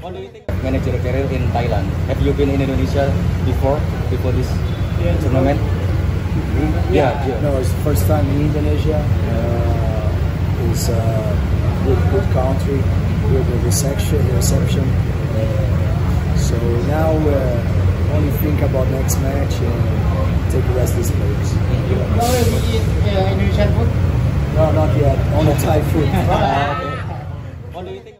what do you think? Manage your career in Thailand. Have you been in Indonesia before? Before this yeah, tournament? Yeah, yeah, yeah, No, it's first time in Indonesia. Uh, it's a good, good country, good reception. reception. Uh, so now uh, only think about next match and take the rest of these players. You already eat uh, Indonesian food? No, not yet. Only Thai food. what do you think?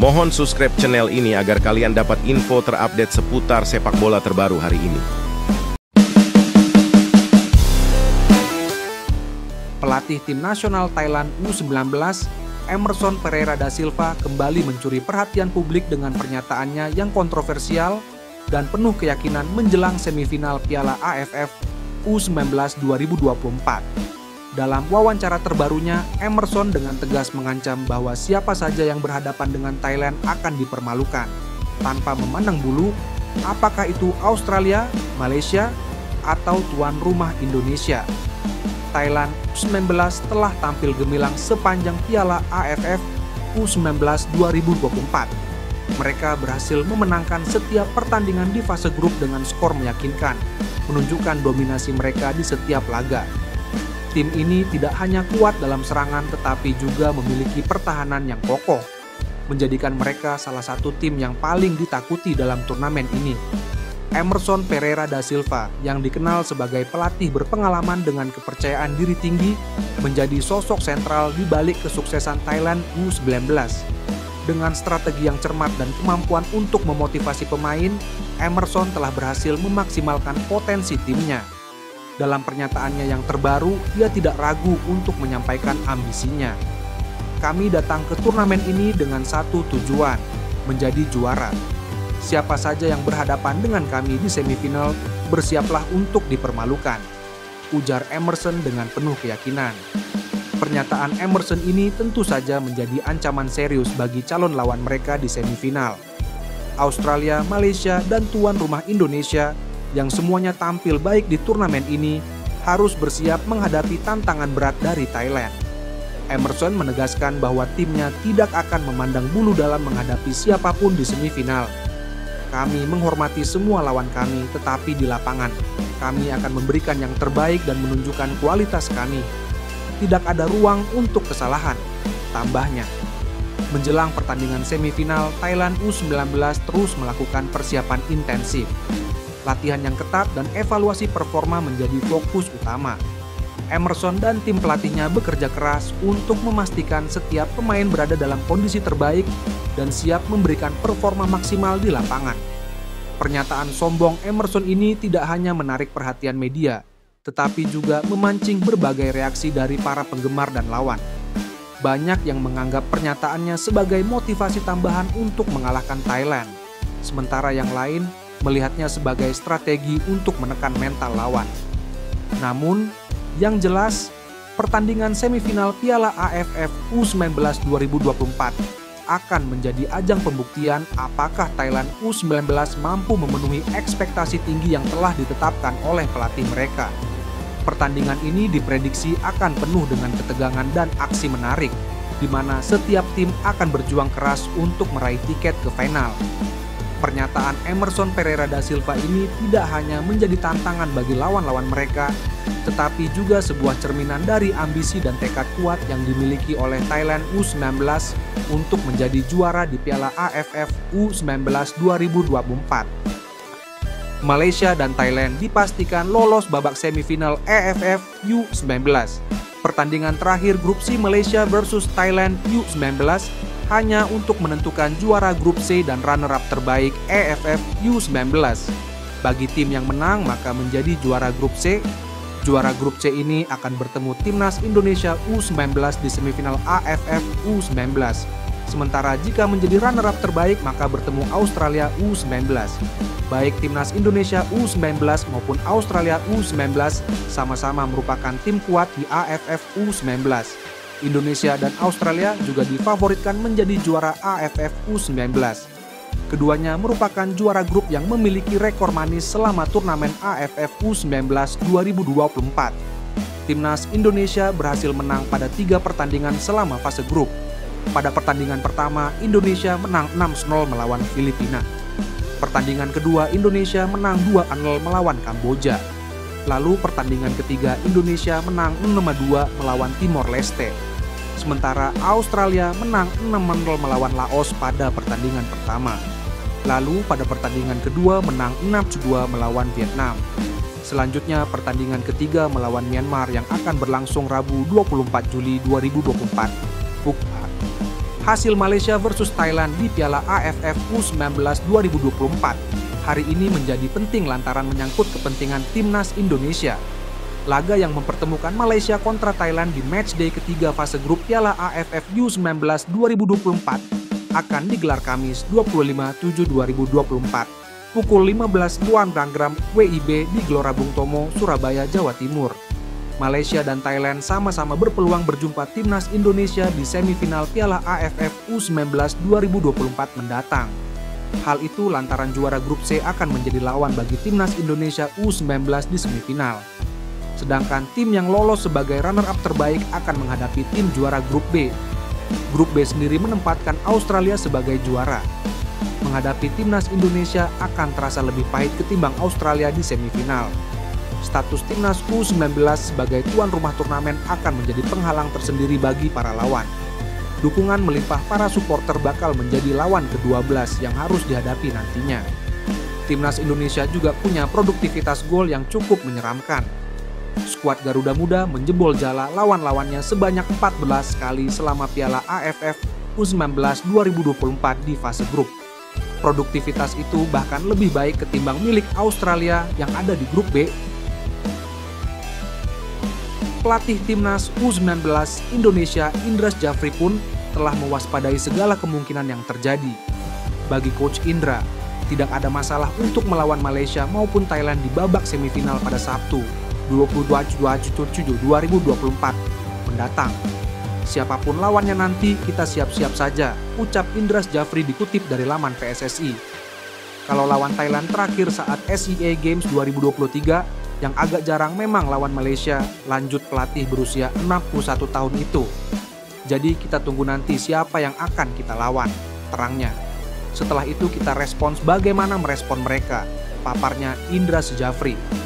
Mohon subscribe channel ini agar kalian dapat info terupdate seputar sepak bola terbaru hari ini. Pelatih tim nasional Thailand U19, Emerson Pereira da Silva kembali mencuri perhatian publik dengan pernyataannya yang kontroversial dan penuh keyakinan menjelang semifinal Piala AFF U19 2024. Dalam wawancara terbarunya, Emerson dengan tegas mengancam bahwa siapa saja yang berhadapan dengan Thailand akan dipermalukan. Tanpa memandang bulu, apakah itu Australia, Malaysia, atau tuan rumah Indonesia. Thailand U19 telah tampil gemilang sepanjang Piala AFF U19 2024 mereka berhasil memenangkan setiap pertandingan di fase grup dengan skor meyakinkan, menunjukkan dominasi mereka di setiap laga. Tim ini tidak hanya kuat dalam serangan tetapi juga memiliki pertahanan yang kokoh, menjadikan mereka salah satu tim yang paling ditakuti dalam turnamen ini. Emerson Pereira da Silva yang dikenal sebagai pelatih berpengalaman dengan kepercayaan diri tinggi menjadi sosok sentral di balik kesuksesan Thailand U19. Dengan strategi yang cermat dan kemampuan untuk memotivasi pemain, Emerson telah berhasil memaksimalkan potensi timnya. Dalam pernyataannya yang terbaru, ia tidak ragu untuk menyampaikan ambisinya. Kami datang ke turnamen ini dengan satu tujuan, menjadi juara. Siapa saja yang berhadapan dengan kami di semifinal, bersiaplah untuk dipermalukan. Ujar Emerson dengan penuh keyakinan. Pernyataan Emerson ini tentu saja menjadi ancaman serius bagi calon lawan mereka di semifinal. Australia, Malaysia, dan tuan rumah Indonesia yang semuanya tampil baik di turnamen ini harus bersiap menghadapi tantangan berat dari Thailand. Emerson menegaskan bahwa timnya tidak akan memandang bulu dalam menghadapi siapapun di semifinal. Kami menghormati semua lawan kami, tetapi di lapangan kami akan memberikan yang terbaik dan menunjukkan kualitas kami. Tidak ada ruang untuk kesalahan, tambahnya. Menjelang pertandingan semifinal, Thailand U19 terus melakukan persiapan intensif latihan yang ketat dan evaluasi performa menjadi fokus utama. Emerson dan tim pelatihnya bekerja keras untuk memastikan setiap pemain berada dalam kondisi terbaik dan siap memberikan performa maksimal di lapangan. Pernyataan sombong Emerson ini tidak hanya menarik perhatian media, tetapi juga memancing berbagai reaksi dari para penggemar dan lawan. Banyak yang menganggap pernyataannya sebagai motivasi tambahan untuk mengalahkan Thailand, sementara yang lain melihatnya sebagai strategi untuk menekan mental lawan. Namun, yang jelas, pertandingan semifinal Piala AFF U19 2024 akan menjadi ajang pembuktian apakah Thailand U19 mampu memenuhi ekspektasi tinggi yang telah ditetapkan oleh pelatih mereka. Pertandingan ini diprediksi akan penuh dengan ketegangan dan aksi menarik, di mana setiap tim akan berjuang keras untuk meraih tiket ke final. Pernyataan Emerson Pereira da Silva ini tidak hanya menjadi tantangan bagi lawan-lawan mereka, tetapi juga sebuah cerminan dari ambisi dan tekad kuat yang dimiliki oleh Thailand U19 untuk menjadi juara di Piala AFF U19 2024. Malaysia dan Thailand dipastikan lolos babak semifinal AFF U19. Pertandingan terakhir grup C Malaysia versus Thailand U19 hanya untuk menentukan juara grup C dan runner-up terbaik EFF U19. Bagi tim yang menang maka menjadi juara grup C. Juara grup C ini akan bertemu timnas Indonesia U19 di semifinal AFF U19. Sementara jika menjadi runner-up terbaik maka bertemu Australia U19. Baik timnas Indonesia U19 maupun Australia U19 sama-sama merupakan tim kuat di AFF U19. Indonesia dan Australia juga difavoritkan menjadi juara AFF U19. Keduanya merupakan juara grup yang memiliki rekor manis selama turnamen AFF U19 2024. Timnas Indonesia berhasil menang pada tiga pertandingan selama fase grup. Pada pertandingan pertama, Indonesia menang 6-0 melawan Filipina. Pertandingan kedua, Indonesia menang 2-0 melawan Kamboja. Lalu pertandingan ketiga Indonesia menang 6-2 melawan Timor Leste sementara Australia menang 6-0 melawan Laos pada pertandingan pertama. Lalu pada pertandingan kedua menang 6-2 melawan Vietnam. Selanjutnya pertandingan ketiga melawan Myanmar yang akan berlangsung Rabu 24 Juli 2024. Bukha. Hasil Malaysia versus Thailand di Piala AFF U19 2024 hari ini menjadi penting lantaran menyangkut kepentingan timnas Indonesia laga yang mempertemukan Malaysia kontra Thailand di matchday ketiga fase grup Piala AFF U19 2024 akan digelar Kamis 25 7 2024 pukul 15 Luan Ranggram WIB di Gelora Bung Tomo, Surabaya, Jawa Timur. Malaysia dan Thailand sama-sama berpeluang berjumpa timnas Indonesia di semifinal Piala AFF U19 2024 mendatang. Hal itu lantaran juara grup C akan menjadi lawan bagi timnas Indonesia U19 di semifinal. Sedangkan tim yang lolos sebagai runner-up terbaik akan menghadapi tim juara grup B. Grup B sendiri menempatkan Australia sebagai juara. Menghadapi timnas Indonesia akan terasa lebih pahit ketimbang Australia di semifinal. Status timnas U19 sebagai tuan rumah turnamen akan menjadi penghalang tersendiri bagi para lawan dukungan melimpah para supporter bakal menjadi lawan ke-12 yang harus dihadapi nantinya. Timnas Indonesia juga punya produktivitas gol yang cukup menyeramkan skuad Garuda Muda menjebol jala lawan-lawannya sebanyak 14 kali selama Piala AFF U19 2024 di fase grup. Produktivitas itu bahkan lebih baik ketimbang milik Australia yang ada di grup B. Pelatih timnas U19 Indonesia Indras Jafri pun telah mewaspadai segala kemungkinan yang terjadi. Bagi Coach Indra, tidak ada masalah untuk melawan Malaysia maupun Thailand di babak semifinal pada Sabtu, 22 Juni 2024 mendatang. Siapapun lawannya nanti, kita siap-siap saja, ucap Indras Jafri dikutip dari laman PSSI. Kalau lawan Thailand terakhir saat SEA Games 2023, yang agak jarang memang lawan Malaysia, lanjut pelatih berusia 61 tahun itu. Jadi kita tunggu nanti siapa yang akan kita lawan, terangnya. Setelah itu kita respons bagaimana merespon mereka, paparnya Indra Sejafri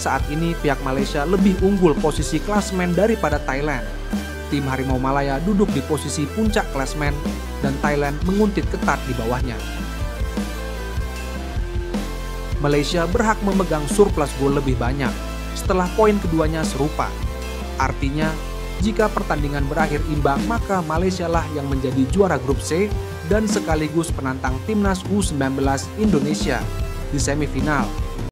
saat ini pihak Malaysia lebih unggul posisi klasmen daripada Thailand. Tim Harimau Malaya duduk di posisi puncak klasmen dan Thailand menguntit ketat di bawahnya. Malaysia berhak memegang surplus gol lebih banyak setelah poin keduanya serupa. Artinya, jika pertandingan berakhir imbang maka Malaysia lah yang menjadi juara grup C dan sekaligus penantang timnas U19 Indonesia di semifinal